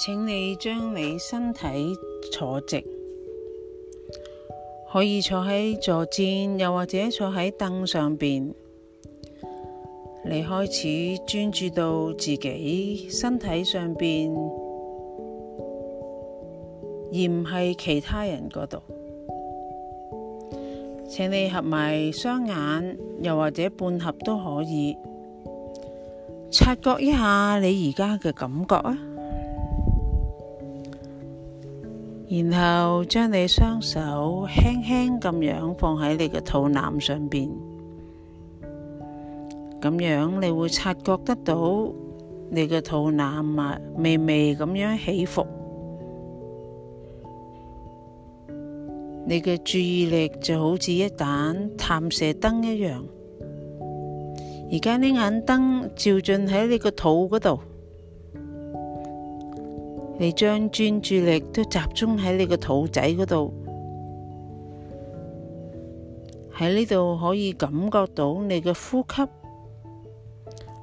請你將你身體坐直，可以坐喺坐墊，又或者坐喺凳上邊。你開始專注到自己身體上邊，而唔係其他人嗰度。請你合埋雙眼，又或者半合都可以，察覺一下你而家嘅感覺啊！然後將你雙手輕輕咁樣放喺你嘅肚腩上邊，咁樣你會察覺得到你嘅肚腩啊微微咁樣起伏，你嘅注意力就好似一盞探射燈一樣，而家呢眼燈照盡喺你個肚嗰度。你將專注力都集中喺你個肚仔嗰度，喺呢度可以感覺到你嘅呼吸，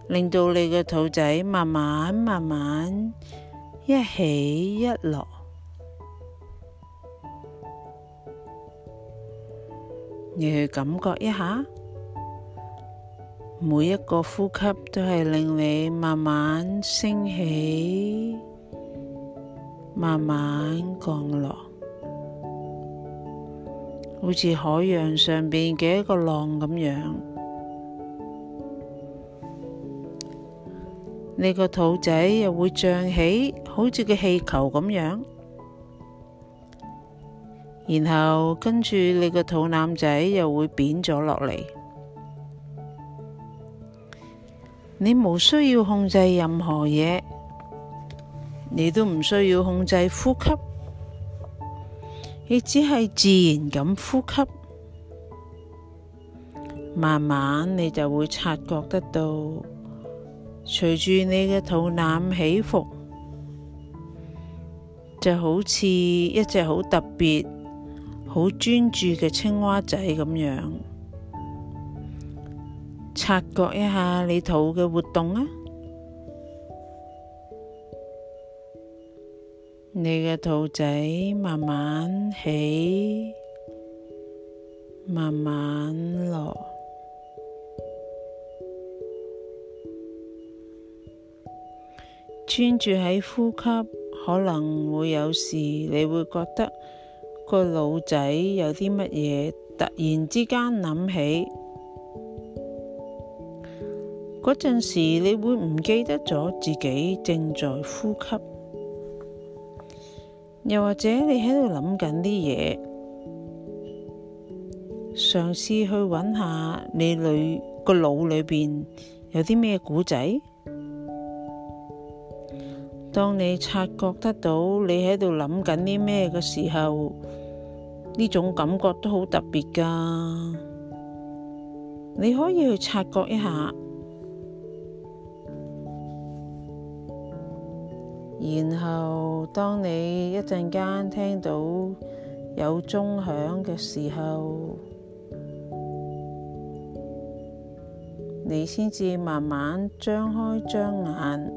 令到你嘅肚仔慢慢慢慢一起一落，你去感覺一下，每一個呼吸都係令你慢慢升起。慢慢降落，好似海洋上邊嘅一個浪咁樣。你個肚仔又會脹起，好似個氣球咁樣。然後跟住你個肚腩仔又會扁咗落嚟。你無需要控制任何嘢。你都唔需要控制呼吸，你只係自然咁呼吸，慢慢你就會察覺得到，隨住你嘅肚腩起伏，就好似一隻好特別、好專注嘅青蛙仔咁樣，察覺一下你肚嘅活動啊！你嘅肚仔慢慢起，慢慢落，專注喺呼吸。可能會有時你會覺得個腦仔有啲乜嘢，突然之間諗起嗰陣時，你會唔記得咗自己正在呼吸。又或者你喺度諗緊啲嘢，嘗試去揾下你個腦裏邊有啲咩古仔。當你察覺得到你喺度諗緊啲咩嘅時候，呢種感覺都好特別噶。你可以去察覺一下。然後，當你一陣間聽到有鐘響嘅時候，你先至慢慢張開張眼。